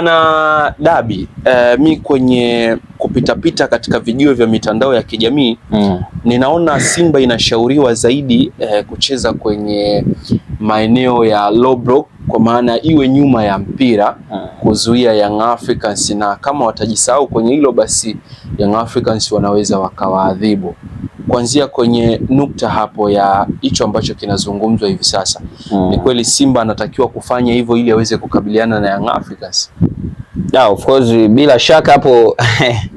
Bana Dabi eh, mi kwenye kupitapita katika video vya mitandao ya kijamii mm. ninaona Simba inashauriwa zaidi eh, kucheza kwenye maeneo ya low block, kwa maana iwe nyuma ya mpira mm. kuzuia Young Africans, na kama watajisahau kwenye hilo basi Young Africans wanaweza wakawaadhibu kuanzia kwenye nukta hapo ya hicho ambacho kinazungumzwa hivi sasa mm. Ni hmm. kweli Simba anatakiwa kufanya hivyo ili aweze kukabiliana na Young Africans? Yeah, of course bila shaka hapo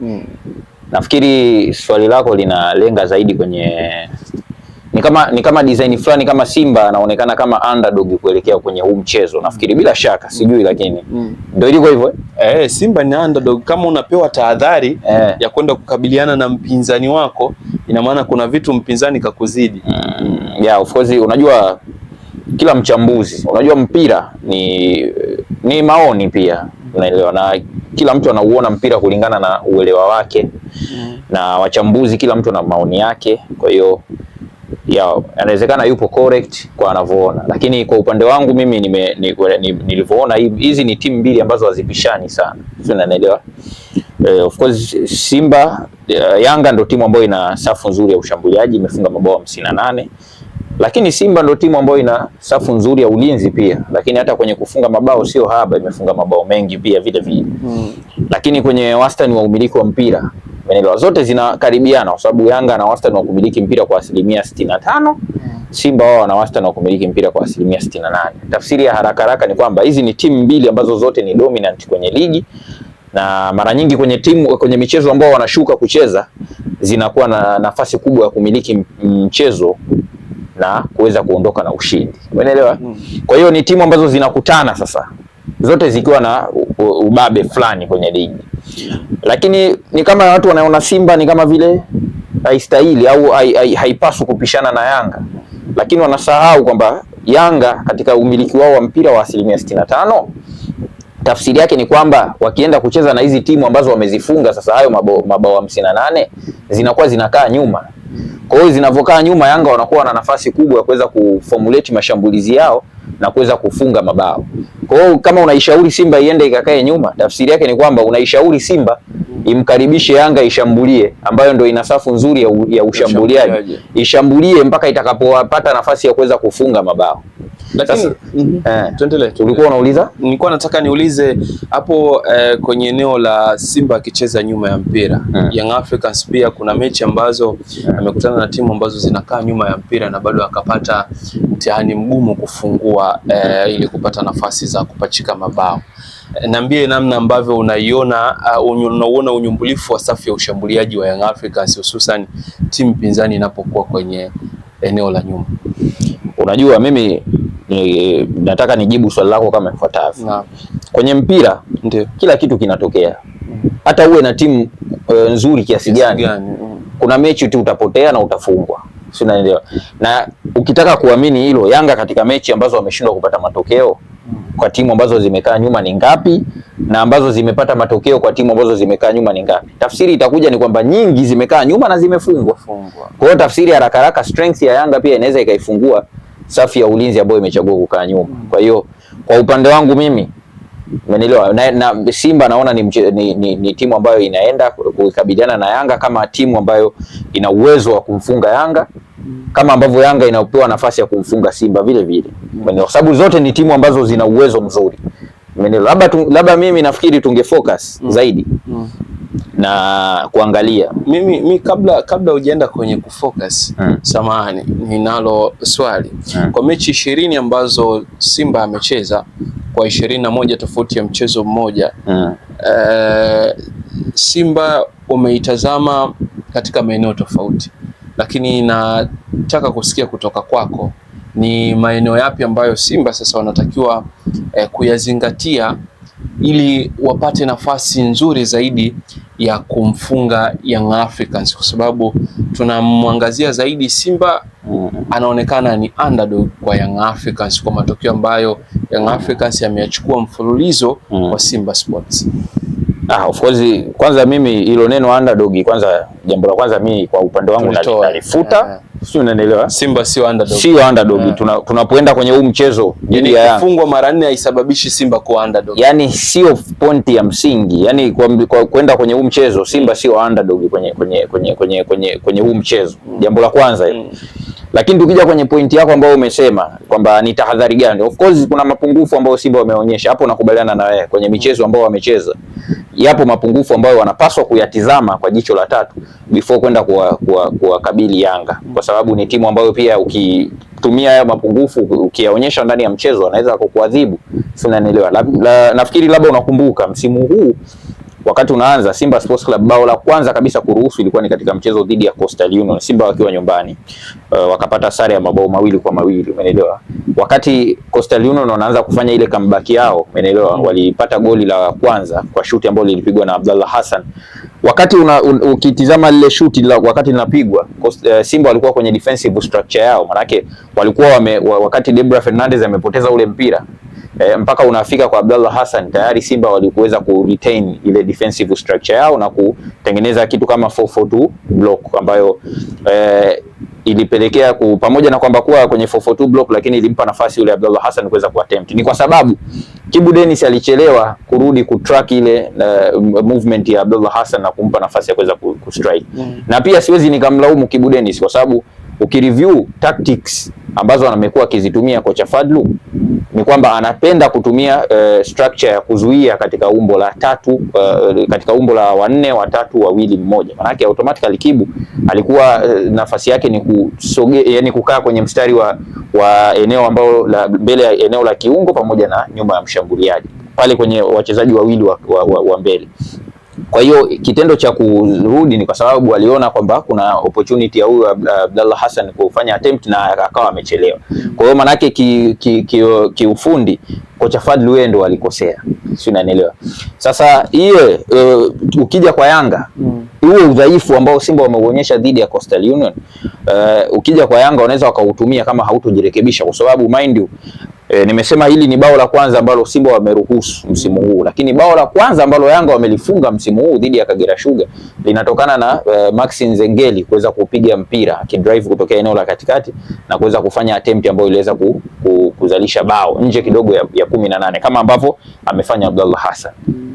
mm. Nafikiri swali lako linalenga zaidi kwenye ni kama ni kama design fulani, kama Simba anaonekana kama underdog kuelekea kwenye huu mchezo nafikiri, bila shaka hmm. sijui, lakini mm. ndio ilivyo hivyo eh? eh, Simba ni underdog. Kama unapewa tahadhari eh, ya kwenda kukabiliana na mpinzani wako ina maana kuna vitu mpinzani kakuzidi. Mm, yeah, of course unajua kila mchambuzi, unajua mpira ni ni maoni pia, unaelewa, na kila mtu anauona mpira kulingana na uelewa wake mm. na wachambuzi, kila mtu ana maoni yake, kwa hiyo anawezekana yupo correct kwa anavyoona, lakini kwa upande wangu mimi nilivyoona, hizi ni timu mbili ambazo hazipishani sana, sio, Naelewa Eh, of course Simba uh, Yanga ndio timu ambayo ina safu nzuri ya ushambuliaji imefunga mabao hamsini na nane lakini Simba ndio timu ambayo ina safu nzuri ya ulinzi pia, lakini hata kwenye kufunga mabao sio haba, imefunga mabao mengi pia vile vile mm. Lakini kwenye wastani wa umiliki wa mpira menelewa, zote zinakaribiana kwa sababu Yanga ana wastani wa kumiliki mpira kwa asilimia sitini na tano Simba wao wana wastani wa kumiliki mpira kwa asilimia sitini na nane. Tafsiri ya haraka haraka ni kwamba hizi ni timu mbili ambazo zote ni dominant kwenye ligi, na mara nyingi kwenye timu kwenye michezo ambao wanashuka kucheza zinakuwa na nafasi kubwa ya kumiliki mchezo na kuweza kuondoka na ushindi, umeelewa? Mm. Kwa hiyo ni timu ambazo zinakutana sasa zote zikiwa na ubabe fulani kwenye ligi, lakini ni kama watu wanaona Simba ni kama vile haistahili au haipaswi kupishana na Yanga, lakini wanasahau kwamba Yanga katika umiliki wao wa mpira wa asilimia sitini na tano tafsiri yake ni kwamba wakienda kucheza na hizi timu ambazo wamezifunga sasa hayo mabao mabao hamsini na nane zinakuwa zinakaa nyuma. Kwa hiyo zinavyokaa nyuma, Yanga wanakuwa na nafasi kubwa ya kuweza kuformulate mashambulizi yao na kuweza kufunga mabao. Kwa hiyo kama unaishauri Simba iende ikakae nyuma, tafsiri yake ni kwamba unaishauri Simba imkaribishe Yanga ishambulie, ambayo ndio ina safu nzuri ya, ya ushambuliaji, ishambulie mpaka itakapopata nafasi ya kuweza kufunga mabao. Lakini mhm. eh, tu. Ulikuwa unauliza? Nilikuwa nataka niulize hapo eh, kwenye eneo la Simba akicheza nyuma ya mpira hmm. Young Africans pia kuna mechi ambazo eh. amekutana na timu ambazo zinakaa nyuma ya mpira na bado akapata mtihani mgumu kufungua eh, ili kupata nafasi za kupachika mabao. Eh, niambie namna ambavyo unaiona uh, unauona uh, unyumbulifu wa safu ya ushambuliaji wa Young Africans hususan timu pinzani inapokuwa kwenye eneo la nyuma. Unajua mimi ni, nataka nijibu swali lako kama ifuatavyo. Naam. Kwenye mpira ndio kila kitu kinatokea. Hata uwe na timu uh, nzuri kiasi gani. Mm. Kuna mechi tu utapotea na utafungwa. Si unaelewa? Na ukitaka kuamini hilo, Yanga katika mechi ambazo wameshindwa kupata matokeo mm. kwa timu ambazo zimekaa nyuma ni ngapi, na ambazo zimepata matokeo kwa timu ambazo zimekaa nyuma ni ngapi? Tafsiri itakuja ni kwamba nyingi zimekaa nyuma na zimefungwa. Kwa hiyo tafsiri haraka haraka, strength ya Yanga pia inaweza ikaifungua safu ya ulinzi ambayo imechagua kukaa nyuma. Kwa hiyo kwa upande wangu mimi umenielewa na, na Simba naona ni, ni, ni, ni timu ambayo inaenda kukabiliana na Yanga kama timu ambayo ina uwezo wa kumfunga Yanga kama ambavyo Yanga inapewa nafasi ya kumfunga Simba vile vile, kwa sababu zote ni timu ambazo zina uwezo mzuri. Labda mimi nafikiri tunge focus zaidi na kuangalia mimi, mi kabla kabla hujaenda kwenye kufocus hmm. Samahani, ninalo swali hmm. Kwa mechi ishirini ambazo Simba amecheza kwa ishirini na moja tofauti ya mchezo mmoja hmm. E, Simba umeitazama katika maeneo tofauti, lakini nataka kusikia kutoka kwako ni maeneo yapi ambayo Simba sasa wanatakiwa eh, kuyazingatia ili wapate nafasi nzuri zaidi ya kumfunga Young Africans, kwa sababu tunamwangazia zaidi Simba anaonekana ni underdog kwa Young Africans kwa matokeo ambayo Young Africans yameachukua mfululizo kwa mm. Simba Sports. Ah, of course kwanza mimi hilo neno underdog kwanza, jambo la kwanza mimi kwa upande wangu nalifuta yeah. Sio, unanielewa? Simba sio underdog. Sio underdog. Yeah. Tuna, tunapoenda kwenye huu mchezo yani kufungwa mara nne haisababishi Simba kuwa underdog. yani sio pointi ya msingi. yani kwa, kwa kwenda kwenye huu mchezo Simba sio underdog kwenye kwenye kwenye kwenye kwenye, huu mchezo. Mm. Jambo la kwanza Mm. Lakini tukija kwenye pointi yako ambayo umesema kwamba ni tahadhari gani, of course kuna mapungufu ambayo Simba wameonyesha hapo, nakubaliana na wewe. Kwenye michezo ambayo wamecheza, yapo mapungufu ambayo wanapaswa kuyatizama kwa jicho la tatu before kwenda kuwakabili Yanga, kwa sababu ni timu ambayo pia ukitumia haya mapungufu ukiyaonyesha ndani ya mchezo anaweza kukuadhibu. Sina nielewa la, la, nafikiri labda unakumbuka msimu huu wakati unaanza Simba Sports Club bao la kwanza kabisa kuruhusu ilikuwa ni katika mchezo dhidi ya Coastal Union, Simba wakiwa nyumbani uh, wakapata sare ya mabao mawili kwa mawili, umeelewa. Wakati Coastal Union wanaanza kufanya ile comeback yao, umeelewa, mm. walipata goli la kwanza kwa shuti ambalo lilipigwa na Abdallah Hassan. Wakati una, un, ukitizama lile shuti la, wakati linapigwa uh, Simba walikuwa kwenye defensive structure yao, manake walikuwa wame, wakati Debra Fernandez amepoteza ule mpira e, mpaka unafika kwa Abdallah Hassan tayari Simba walikuweza ku retain ile defensive structure yao na kutengeneza kitu kama 442 block ambayo e, ilipelekea ku, pamoja na kwamba kuwa kwenye 442 block lakini ilimpa nafasi yule Abdallah Hassan kuweza attempt. Ni kwa sababu Kibu Dennis alichelewa kurudi track ile uh, movement ya Abdallah Hassan na kumpa nafasi ya kuweza strike. Mm. Na pia siwezi nikamlaumu Kibu Dennis kwa sababu ukireview tactics ambazo amekuwa akizitumia kocha Fadlu ni kwamba anapenda kutumia uh, structure ya kuzuia katika umbo la tatu uh, katika umbo la wanne watatu wawili mmoja. Maanake automatically Kibu alikuwa uh, nafasi yake ni kusoge, yani kukaa kwenye mstari wa, wa eneo ambao la mbele ya eneo la kiungo pamoja na nyuma ya mshambuliaji pale kwenye wachezaji wawili wa, wa, wa, wa mbele. Kwa hiyo kitendo cha kurudi ni kwa sababu waliona kwamba kuna opportunity ya huyu Abdallah Hassan kufanya attempt na akawa amechelewa. Kwa hiyo manake ki, ki, ki, kiufundi kocha Fadlu yeye ndo alikosea, si unanielewa? Sasa hiyo uh, e, ukija kwa Yanga huo mm. udhaifu ambao Simba wameuonyesha dhidi ya Coastal Union uh, ukija kwa Yanga wanaweza wakautumia kama hautojirekebisha, kwa sababu mind you E, nimesema hili ni bao la kwanza ambalo Simba wameruhusu msimu huu, lakini bao la kwanza ambalo Yanga wamelifunga msimu huu dhidi ya Kagera Sugar linatokana na uh, Maxi Nzengeli kuweza kupiga mpira akidrive kutokea eneo la katikati na kuweza kufanya attempt ambayo iliweza ku, ku, kuzalisha bao nje kidogo ya, ya kumi na nane kama ambavyo amefanya Abdullah Hassan.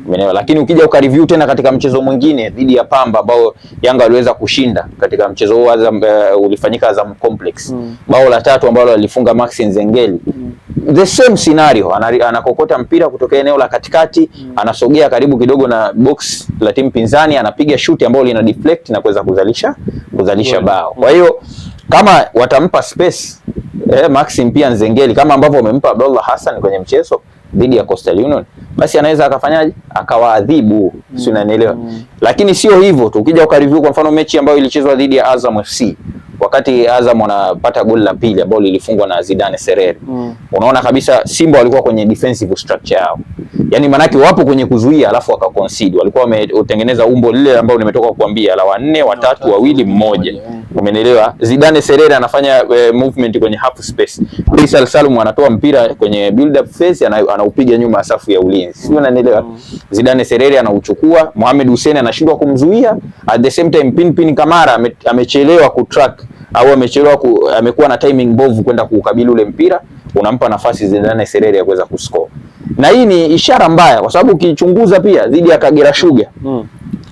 Umeelewa? Lakini ukija ukareview tena katika mchezo mwingine dhidi ya Pamba ambao Yanga waliweza kushinda katika mchezo huo Azam, uh, ulifanyika Azam Complex. Mm. Bao la tatu ambalo alifunga Maxine Zengeli. Mm. The same scenario, anakokota mpira kutoka eneo la katikati, mm. anasogea karibu kidogo na box la timu pinzani, anapiga shuti ambalo lina deflect na kuweza kuzalisha kuzalisha bao. Kwa mm. hiyo kama watampa space eh, Maxim pia Nzengeli kama ambavyo wamempa Abdullah Hassan kwenye mchezo dhidi ya Coastal Union, basi anaweza akafanyaje akawaadhibu, si unanielewa? mm. Lakini sio hivyo tu, ukija ukareview kwa mfano mechi ambayo ilichezwa dhidi ya Azam FC wakati Azam wanapata goli la pili ambao lilifungwa na Zidane Serere mm. unaona kabisa Simba walikuwa kwenye defensive structure yao, yaani maanake wapo kwenye kuzuia, alafu waka concede. Walikuwa wametengeneza umbo lile ambao nimetoka kukuambia la wanne watatu wawili mmoja, eh. umeelewa? Zidane Serere anafanya uh, movement kwenye half space, Faisal Salum anatoa mpira kwenye build up phase, anaupiga nyuma ya safu ya ulinzi, sio? Unanielewa? Mm. Zidane Serere anauchukua, Mohamed Hussein anashindwa kumzuia, at the same time Pinpin Kamara amechelewa ku track au amechelewa ku, amekuwa na timing bovu kwenda kuukabili ule mpira, unampa nafasi Zidane Serere ya kuweza kuscore, na hii ni ishara mbaya, kwa sababu ukichunguza pia dhidi ya Kagera Sugar mm.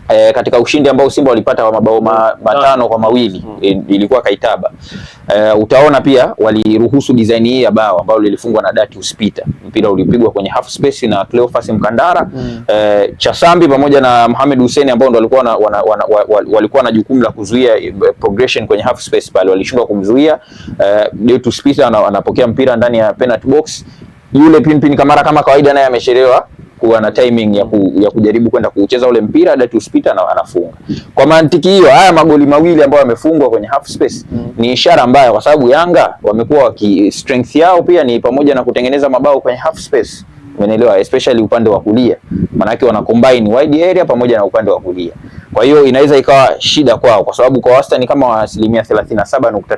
E, katika ushindi ambao Simba walipata wa mabao matano kwa mawili e, ilikuwa Kaitaba. E, utaona pia waliruhusu design hii ya bao ambalo lilifungwa na Dati Uspita. Mpira ulipigwa kwenye half space na Cleophas Mkandara mm. E, Chasambi pamoja na Mohamed Hussein ambao ndo walikuwa na, wana, wana, walikuwa na jukumu la kuzuia progression kwenye half space pale, walishindwa kumzuia. E, Dati Uspita anapokea mpira ndani ya penalty box, yule Pinpin Kamara kama kawaida naye amechelewa kuwa na timing ya, ku, ya kujaribu kwenda kucheza ule mpira that uspita na anafunga. Kwa mantiki hiyo, haya magoli mawili ambayo yamefungwa kwenye half space mm. ni ishara mbaya, kwa sababu Yanga wamekuwa waki strength yao pia ni pamoja na kutengeneza mabao kwenye half space, umeelewa, especially upande wa kulia, maanake wana combine wide area pamoja na upande wa kulia. Kwa hiyo inaweza ikawa shida kwao, kwa sababu kwa wastani kama asilimia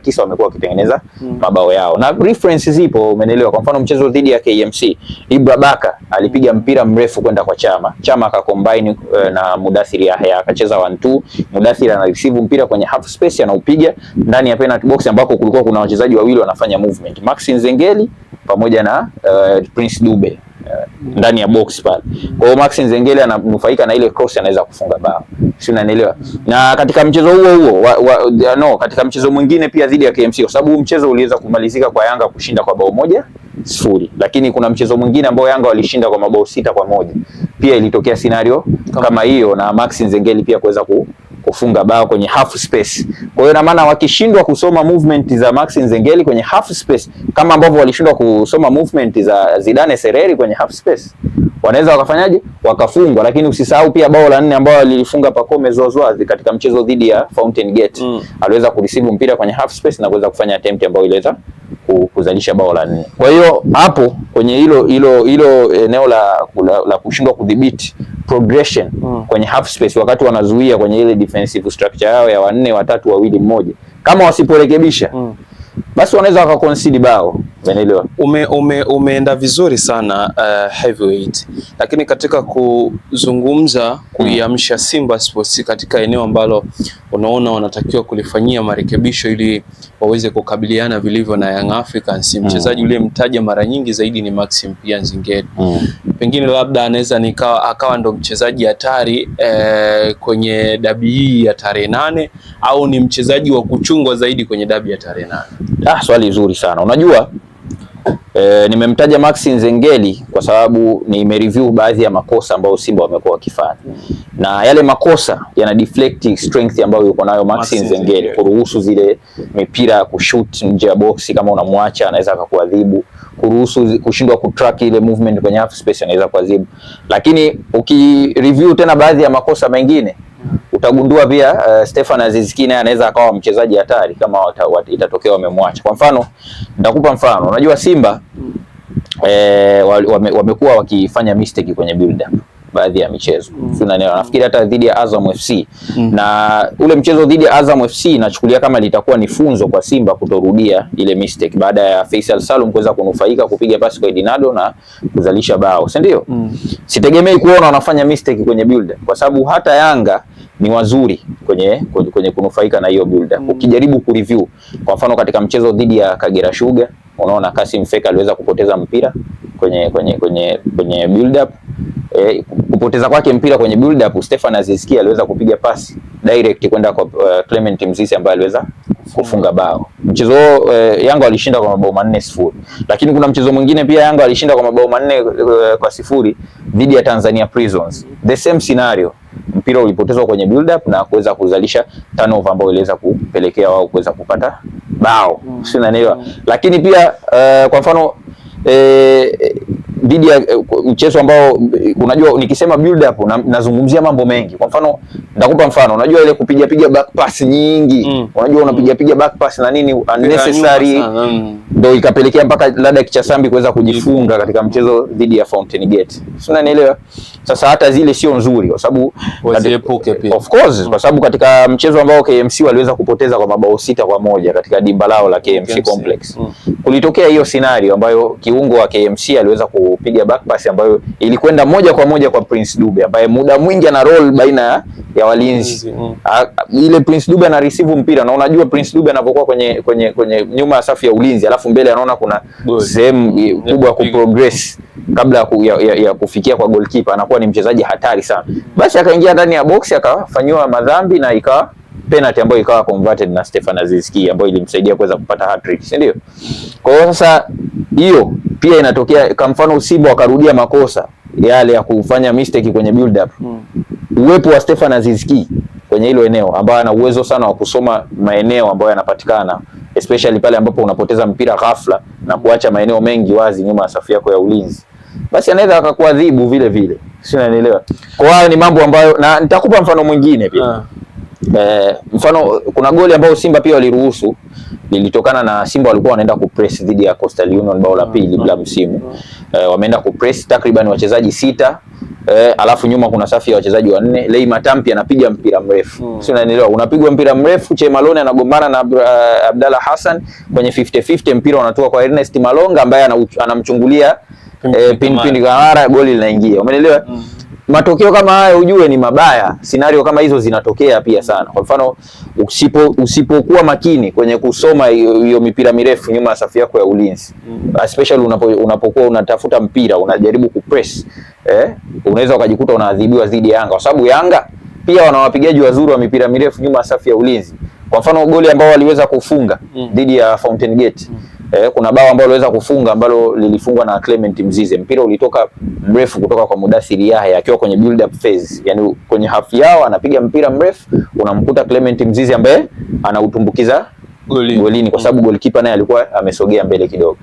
tisa wamekuwa wakitengeneza mm. mabao yao na reference zipo, umeelewa. Kwa mfano mchezo dhidi ya KMC Ibra Baka alipiga hmm. mpira mrefu kwenda kwa Chama, Chama akakombine eh, na Mudathiri Yahya akacheza one two. Mudathiri ana receive mpira kwenye half space anaupiga ndani ya penalty box ambako kulikuwa kuna wachezaji wawili wanafanya movement, Maxi Nzengeli pamoja na uh, Prince Dube Eh, ndani ya box pale. Kwa hiyo Max Nzengeli ananufaika na ile cross, anaweza kufunga bao, si unanielewa? Na katika mchezo huo huo wa, wa, no, katika mchezo mwingine pia dhidi ya KMC, kwa sababu huu mchezo uliweza kumalizika kwa Yanga kushinda kwa bao moja sifuri, lakini kuna mchezo mwingine ambao Yanga walishinda kwa mabao sita kwa moja, pia ilitokea scenario kama hiyo na Max Nzengeli pia kuweza ku kufunga bao kwenye half space. Kwa hiyo ina maana wakishindwa kusoma movement za Maxi Nzengeli kwenye half space kama ambavyo walishindwa kusoma movement za Zidane Sereri kwenye half space, wanaweza wakafanyaje? Wakafungwa. Lakini usisahau pia bao la nne ambao lilifunga Pacome Zouzoua katika mchezo dhidi ya Fountain Gate mm. aliweza kureceive mpira kwenye half space na kuweza kufanya attempt ambayo ileta kuzalisha bao la nne. Kwa hiyo hapo kwenye hilo hilo hilo eneo la, la, la kushindwa kudhibiti progression mm. kwenye half space wakati wanazuia kwenye ile defensive structure yao ya wanne watatu wawili mmoja, kama wasiporekebisha mm basi wanaweza wakakonsidi bao. Umeelewa? Ume, ume, umeenda vizuri sana uh, Heavyweight, lakini katika kuzungumza kuiamsha Simba Sports katika eneo ambalo unaona wanatakiwa kulifanyia marekebisho ili waweze kukabiliana vilivyo na Young Africans, mm. mchezaji mm. uliyemtaja mara nyingi zaidi ni Maxim Pianzingeri mm. pengine labda anaweza nikawa akawa ndo mchezaji hatari eh, kwenye dabi hii ya tarehe nane au ni mchezaji wa kuchungwa zaidi kwenye dabi ya tarehe nane. Ah, swali zuri sana. Unajua e, nimemtaja Maxi Nzengeli kwa sababu nimereview baadhi ya makosa ambayo Simba wamekuwa wakifanya na yale makosa yana deflect strength ambayo yuko nayo Maxi Nzengeli, kuruhusu zile mipira ya kushoot nje ya box, kama unamwacha anaweza akakuadhibu, kuruhusu kushindwa kutrack ile movement kwenye half space anaweza kuadhibu, lakini ukireview tena baadhi ya makosa mengine utagundua pia uh, Stefan Aziz Ki naye anaweza akawa mchezaji hatari kama itatokea wamemwacha. Kwa mfano, nitakupa mfano, unajua Simba mm. eh, wamekuwa wame wakifanya mistake kwenye build up baadhi ya michezo mm. si Unanielewa, nafikiri hata dhidi ya Azam FC mm. na ule mchezo dhidi ya Azam FC nachukulia kama litakuwa ni funzo kwa Simba kutorudia ile mistake baada ya Faisal Salum kuweza kunufaika kupiga pasi kwa Edinado na kuzalisha bao, si ndio? mm. Sitegemei kuona wanafanya mistake kwenye build kwa sababu hata Yanga ni wazuri kwenye, kwenye kwenye kunufaika na hiyo build mm. Ukijaribu kureview kwa mfano katika mchezo dhidi ya Kagera Sugar unaona Kasim Feka aliweza kupoteza mpira kwenye kwenye kwenye kwenye build up eh, kupoteza kwake mpira kwenye build up, Stefan Azizkia aliweza kupiga pasi direct kwenda kwa uh, Clement Mzizi ambaye aliweza kufunga bao. Mchezo huo uh, Yanga walishinda kwa mabao manne sifuri, lakini kuna mchezo mwingine pia Yanga walishinda kwa mabao manne uh, kwa sifuri dhidi ya Tanzania Prisons, the same scenario mpira ulipotezwa kwenye build up na kuweza kuzalisha turnover ambayo iliweza kupelekea wao kuweza kupata bao mm. Sio, unanielewa mm. Lakini pia uh, kwa mfano Eh, eh, dhidi ya eh, mchezo ambao unajua, nikisema build up na, nazungumzia mambo mengi. Kwa mfano nitakupa mfano, unajua ile kupiga piga back pass nyingi mm. unajua mm. unapiga piga back pass na nini unnecessary, mm. ndio ikapelekea mpaka labda Kichasambi kuweza kujifunga mm. katika mchezo dhidi ya Fountain Gate, si unanielewa? Sasa hata zile sio nzuri, kwa sababu waziepuke pia, of course, kwa sababu katika mchezo ambao KMC waliweza kupoteza kwa mabao sita kwa moja katika dimba lao la KMC, KMC Complex mm. kulitokea hiyo scenario ambayo kiungo wa KMC aliweza kupiga back pass ambayo ilikwenda moja kwa moja kwa Prince Dube ambaye muda mwingi ana roll baina ya walinzi mm. Ah, ile Prince Dube ana receive mpira na unajua Prince Dube anapokuwa kwenye, kwenye, kwenye nyuma ya safu ya ulinzi alafu mbele anaona kuna sehemu kubwa ya kuprogress kabla ya, ya, ya kufikia kwa goalkeeper anakuwa alikuwa ni mchezaji hatari sana. Basi akaingia ndani ya box akafanyiwa madhambi na ikawa penalty ambayo ikawa converted na Stefan Aziski ambayo ilimsaidia kuweza kupata hat trick, si ndio? Kwa hiyo sasa hiyo pia inatokea kwa mfano Usibo akarudia makosa yale ya kufanya mistake kwenye build up. Hmm. Uwepo wa Stefan Aziski kwenye hilo eneo ambaye ana uwezo sana wa kusoma maeneo ambayo yanapatikana especially pale ambapo unapoteza mpira ghafla na kuacha maeneo mengi wazi nyuma ya safu yako ya ulinzi, basi anaweza akakuadhibu vile vile sio, unanielewa? Kwa ni mambo ambayo, na nitakupa mfano mwingine pia uh. Eh, mfano kuna goli ambayo Simba pia waliruhusu lilitokana na Simba walikuwa wanaenda kupress dhidi ya Coastal Union bao la ah. pili bila msimu e, wameenda kupress takriban wachezaji sita e, alafu nyuma kuna safu ya wachezaji wanne. Lei Matampi anapiga mpira mrefu hmm. Sio, unaelewa, unapigwa mpira mrefu, Che Malone anagombana na uh, eh, Abdalla Hassan kwenye 50-50, mpira unatoka kwa Ernest Malonga ambaye anamchungulia pinipini eh, kawara goli linaingia, umeelewa? mm. Matokeo kama haya ujue ni mabaya, scenario kama hizo zinatokea pia sana. Kwa mfano usipo usipokuwa makini kwenye kusoma hiyo mipira mirefu nyuma ya safu yako ya ulinzi mm. especially unapo, unapokuwa unatafuta mpira unajaribu kupress eh, unaweza ukajikuta unaadhibiwa dhidi ya Yanga kwa sababu Yanga pia wana wapigaji wazuri wa mipira mirefu nyuma ya safu ya ulinzi. Kwa mfano goli ambao waliweza kufunga mm. dhidi mm. ya Fountain Gate mm. Eh, kuna bao ambalo aliweza kufunga ambalo lilifungwa na Clement Mzize. Mpira ulitoka mrefu kutoka kwa Mudathiri Yahya akiwa kwenye build up phase. Yaani kwenye half yao anapiga mpira mrefu unamkuta Clement Mzize ambaye anautumbukiza golini, golini kwa sababu mm. goalkeeper naye alikuwa amesogea mbele kidogo.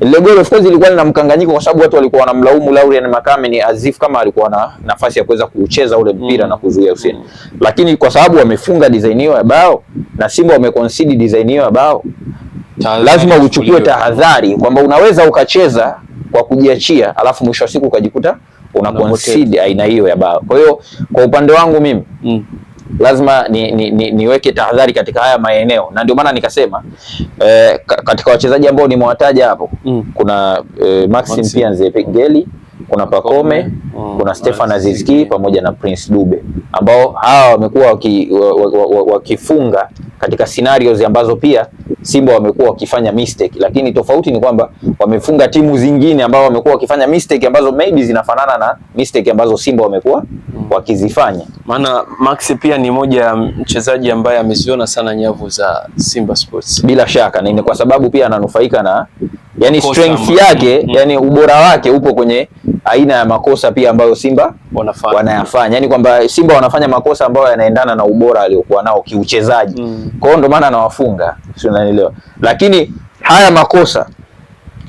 Ile goal of course ilikuwa na mkanganyiko kwa sababu watu walikuwa wanamlaumu Laurian Makame ni Azif kama alikuwa na nafasi ya kuweza kucheza ule mpira mm, na kuzuia Hussein. Mm. Lakini kwa sababu wamefunga design hiyo ya bao na Simba wameconcede design hiyo ya bao lazima uchukue tahadhari kwamba unaweza ukacheza kwa kujiachia, alafu mwisho wa siku ukajikuta una concede aina hiyo ya bao. Kwa hiyo kwa upande wangu mimi mm. lazima niweke ni, ni, ni tahadhari katika haya maeneo, na ndio maana nikasema eh, katika wachezaji ambao nimewataja hapo mm. kuna eh, Maxim pia Nzengeli kuna Pakome mm. Oh, kuna Stefan Azizki pamoja na Prince Dube ambao hawa wamekuwa wakifunga waki, waki katika scenarios ambazo pia Simba wamekuwa wakifanya mistake, lakini tofauti ni kwamba wamefunga timu zingine ambao wamekuwa wakifanya mistake ambazo maybe zinafanana na mistake ambazo Simba wamekuwa wakizifanya. Maana Max pia ni moja ya mchezaji ambaye ameziona sana nyavu za Simba Sports. Bila shaka na ni kwa sababu pia ananufaika na yani strength yake mm -hmm. yani ubora wake upo kwenye aina ya makosa pia ambayo Simba wanafanya, wanayafanya yani kwamba Simba wanafanya makosa ambayo yanaendana na ubora aliokuwa nao kiuchezaji mm. Kwa hiyo ndo maana anawafunga, si unanielewa? Lakini haya makosa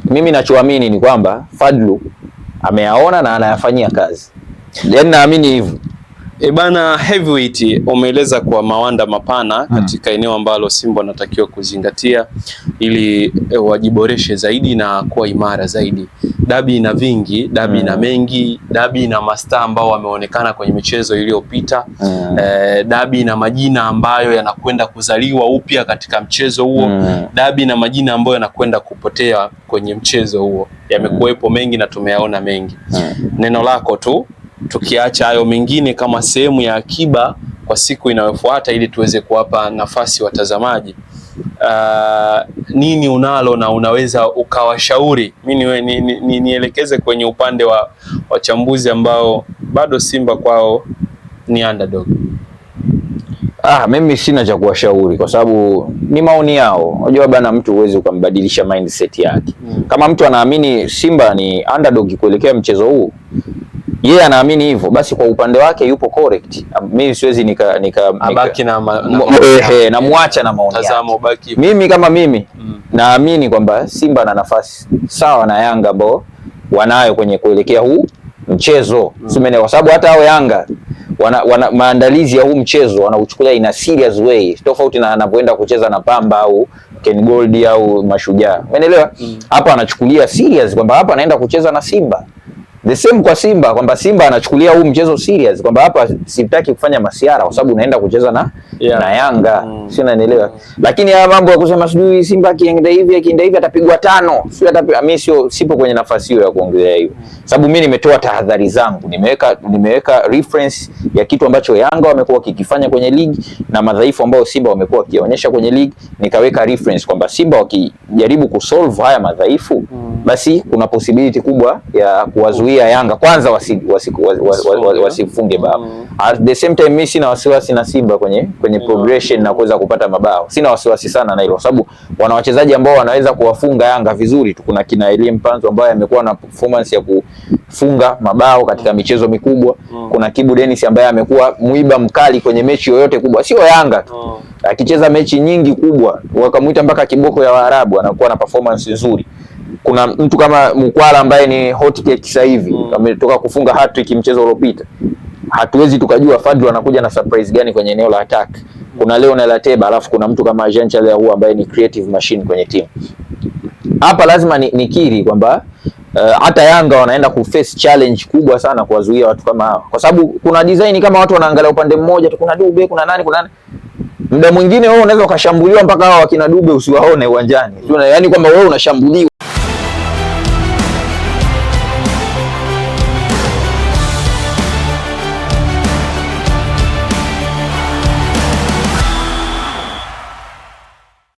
mimi nachoamini ni kwamba Fadlu ameyaona na anayafanyia kazi yaani naamini hivyo. E bana, Heavyweight umeeleza kwa mawanda mapana hmm. katika mm, eneo ambalo Simba wanatakiwa kuzingatia ili eh, wajiboreshe zaidi na kuwa imara zaidi. Dabi na vingi, dabi mm, na mengi, dabi na mastaa ambao wameonekana kwenye michezo iliyopita mm, e, dabi na majina ambayo yanakwenda kuzaliwa upya katika mchezo huo mm, dabi na majina ambayo yanakwenda kupotea kwenye mchezo huo yamekuwepo mengi na tumeyaona mengi mm. Neno lako tu tukiacha hayo mengine kama sehemu ya akiba kwa siku inayofuata ili tuweze kuwapa nafasi watazamaji. Uh, nini unalo na unaweza ukawashauri? Mimi ni, ni, ni, nielekeze kwenye upande wa wachambuzi ambao bado Simba kwao ni underdog. Ah, mimi sina cha kuwashauri kwa sababu ni maoni yao. Unajua bana, mtu huwezi ukambadilisha mindset yake. Mm. Kama mtu anaamini Simba ni underdog kuelekea mchezo huu, yeye yeah, anaamini hivyo, basi kwa upande wake yupo correct. Mimi siwezi nika, nika, nika na ma, na, eh, eh, na maoni yake. Mimi kama mimi mm, naamini kwamba Simba ana nafasi sawa na Yanga ambao wanayo kwenye kuelekea huu mchezo mm, kwa sababu hata hao Yanga wana, wana maandalizi ya huu mchezo wanauchukulia ina serious way tofauti na anapoenda kucheza na Pamba au Ken Gold au Mashujaa, umeelewa? Mm. Hapa mm, anachukulia serious kwamba hapa anaenda kucheza na Simba The same kwa Simba kwamba Simba anachukulia huu mchezo serious kwamba hapa sitaki kufanya masiara kwa sababu naenda kucheza na yeah. na Yanga mm. sio naelewa. Mm. Lakini haya mambo ya kusema sijui Simba akienda hivi akienda hivi atapigwa tano. Sio atapigwa mimi sio sipo kwenye nafasi hiyo ya kuongelea hiyo. Mm. Sababu mimi nimetoa tahadhari zangu, nimeweka nimeweka reference ya kitu ambacho Yanga wamekuwa kikifanya kwenye ligi na madhaifu ambayo Simba wamekuwa kionyesha kwenye ligi, nikaweka reference kwamba Simba wakijaribu kusolve haya madhaifu mm basi kuna possibility kubwa ya kuwazuia Yanga kwanza wasifunge wasi, wasi, wasi, wasi bao mm. At the same time mimi sina wasiwasi na Simba kwenye kwenye mm. progression na kuweza kupata mabao, sina wasiwasi sana na hilo, sababu wana wachezaji ambao wanaweza kuwafunga Yanga vizuri tu. Kuna kina Elie Mpanzu ambaye amekuwa na performance ya kufunga mabao katika michezo mikubwa mm. kuna Kibu Dennis ambaye amekuwa mwiba mkali kwenye mechi yoyote kubwa, sio Yanga tu mm akicheza mechi nyingi kubwa, wakamwita mpaka kiboko ya Waarabu, anakuwa na performance nzuri kuna mtu kama Mkwala ambaye ni hot cake sasa hivi mm. ametoka kufunga hattrick mchezo uliopita. Hatuwezi tukajua Fadlu anakuja na surprise gani kwenye eneo la attack. Kuna Leonel Ateba, alafu kuna mtu kama Jean Charles Ahoua ambaye ni creative machine kwenye timu. Hapa lazima nikiri ni kwamba eh, hata uh, Yanga wanaenda ku face challenge kubwa sana kuwazuia watu kama hawa, kwa sababu kuna design kama watu wanaangalia upande mmoja tu, kuna Dube, kuna nani, kuna nani. Mda mwingine wewe unaweza ukashambuliwa mpaka hao wakina Dube usiwaone uwanjani, mm. yaani kwamba wewe unashambuliwa.